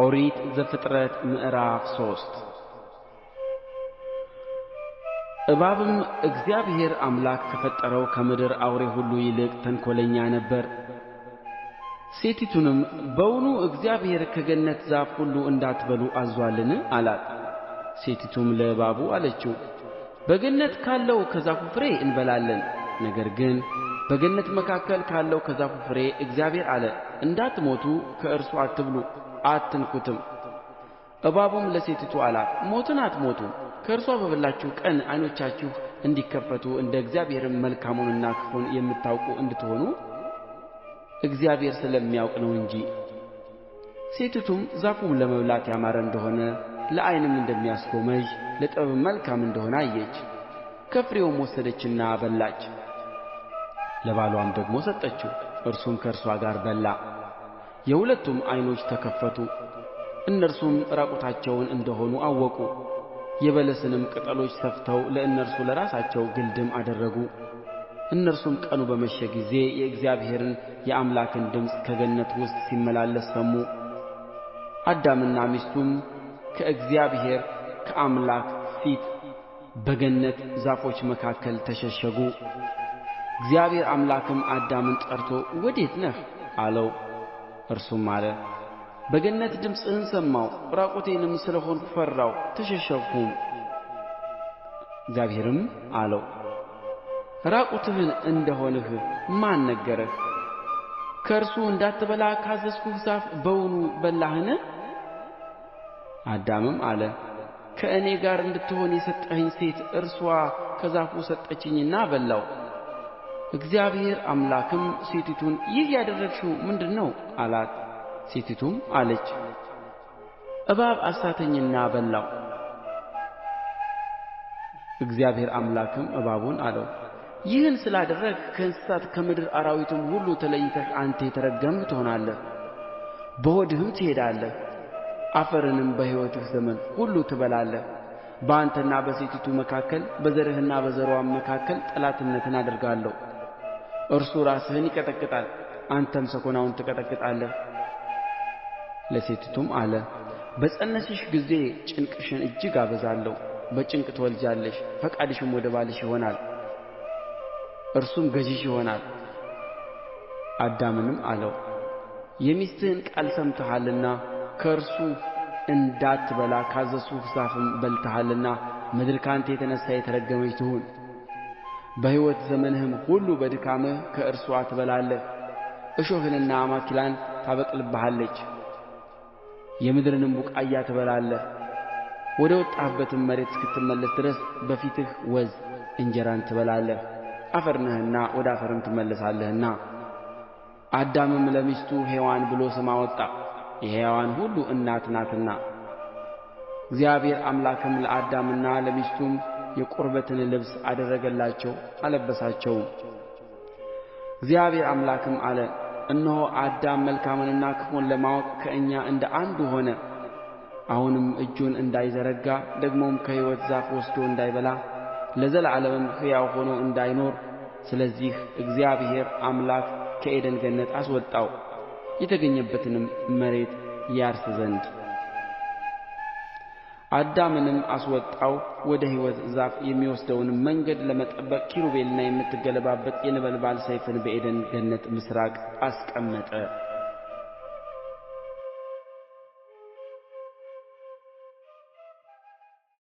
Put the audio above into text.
ኦሪት ዘፍጥረት ምዕራፍ ሶስት እባብም እግዚአብሔር አምላክ ከፈጠረው ከምድር አውሬ ሁሉ ይልቅ ተንኰለኛ ነበረ። ሴቲቱንም በውኑ እግዚአብሔር ከገነት ዛፍ ሁሉ እንዳትበሉ አዝዞአልን? አላት። ሴቲቱም ለእባቡ አለችው፣ በገነት ካለው ከዛፉ ፍሬ እንበላለን። ነገር ግን በገነት መካከል ካለው ከዛፉ ፍሬ እግዚአብሔር አለ፣ እንዳትሞቱ ከእርሱ አትብሉ አትንኩትም እባቡም ለሴቲቱ አላት ሞትን አትሞቱም ከእርሷ በበላችሁ ቀን ዓይኖቻችሁ እንዲከፈቱ እንደ እግዚአብሔርም መልካሙንና ክፉን የምታውቁ እንድትሆኑ እግዚአብሔር ስለሚያውቅ ነው እንጂ ሴቲቱም ዛፉም ለመብላት ያማረ እንደሆነ ለዓይንም እንደሚያስጎመጅ ለጥበብም መልካም እንደሆነ አየች ከፍሬውም ወሰደችና በላች ለባሏም ደግሞ ሰጠችው እርሱም ከእርሷ ጋር በላ የሁለቱም ዓይኖች ተከፈቱ እነርሱም ዕራቁታቸውን እንደ ሆኑ አወቁ የበለስንም ቅጠሎች ሰፍተው ለእነርሱ ለራሳቸው ግልድም አደረጉ እነርሱም ቀኑ በመሸ ጊዜ የእግዚአብሔርን የአምላክን ድምፅ ከገነት ውስጥ ሲመላለስ ሰሙ አዳምና ሚስቱም ከእግዚአብሔር ከአምላክ ፊት በገነት ዛፎች መካከል ተሸሸጉ እግዚአብሔር አምላክም አዳምን ጠርቶ ወዴት ነህ አለው እርሱም አለ በገነት ድምፅህን ሰማሁ ዕራቁቴንም ስለ ሆንሁ ፈራሁ ተሸሸግሁም እግዚአብሔርም አለው ዕራቁትህን እንደ ሆንህ ማን ነገረህ ከእርሱ እንዳትበላ ካዘዝሁህ ዛፍ በውኑ በላህን አዳምም አለ ከእኔ ጋር እንድትሆን የሰጠኸኝ ሴት እርስዋ ከዛፉ ሰጠችኝና በላሁ እግዚአብሔር አምላክም ሴቲቱን ይህ ያደረግሽው ምንድር ነው አላት ሴቲቱም አለች እባብ አሳተኝና በላው እግዚአብሔር አምላክም እባቡን አለው ይህን ስላደረግህ ከእንስሳት ከምድር አራዊትም ሁሉ ተለይተህ አንተ የተረገምህ ትሆናለህ በሆድህም ትሄዳለህ አፈርንም በሕይወትህ ዘመን ሁሉ ትበላለህ በአንተና በሴቲቱ መካከል በዘርህና በዘርዋም መካከል ጠላትነትን አደርጋለሁ እርሱ ራስህን ይቀጠቅጣል፣ አንተም ሰኮናውን ትቀጠቅጣለህ። ለሴቲቱም አለ በፀነስሽ ጊዜ ጭንቅሽን እጅግ አበዛለሁ፣ በጭንቅ ትወልጃለሽ፣ ፈቃድሽም ወደ ባልሽ ይሆናል፣ እርሱም ገዢሽ ይሆናል። አዳምንም አለው የሚስትህን ቃል ሰምተሃልና ከእርሱ እንዳትበላ ካዘዝሁህ ዛፍም በልተሃልና ምድር ከአንተ የተነሣ የተረገመች ትሁን በሕይወት ዘመንህም ሁሉ በድካምህ ከእርስዋ ትበላለህ እሾህንና አሜከላን ታበቅልብሃለች የምድርንም ቡቃያ ትበላለህ ወደ ወጣህበትም መሬት እስክትመለስ ድረስ በፊትህ ወዝ እንጀራን ትበላለህ አፈር ነህና ወደ አፈርም ትመለሳለህና አዳምም ለሚስቱ ሔዋን ብሎ ስም አወጣ የሕያዋን ሁሉ እናት ናትና እግዚአብሔር አምላክም ለአዳምና ለሚስቱም የቁርበትን ልብስ አደረገላቸው አለበሳቸውም እግዚአብሔር አምላክም አለ እነሆ አዳም መልካምንና ክፉን ለማወቅ ከእኛ እንደ አንዱ ሆነ አሁንም እጁን እንዳይዘረጋ ደግሞም ከሕይወት ዛፍ ወስዶ እንዳይበላ ለዘላለምም ሕያው ሆኖ እንዳይኖር ስለዚህ እግዚአብሔር አምላክ ከዔድን ገነት አስወጣው የተገኘበትንም መሬት ያርስ ዘንድ አዳምንም አስወጣው ወደ ሕይወት ዛፍ የሚወስደውን መንገድ ለመጠበቅ ኪሩቤልንና የምትገለባበጥ የነበልባል ሰይፍን በዔድን ገነት ምሥራቅ አስቀመጠ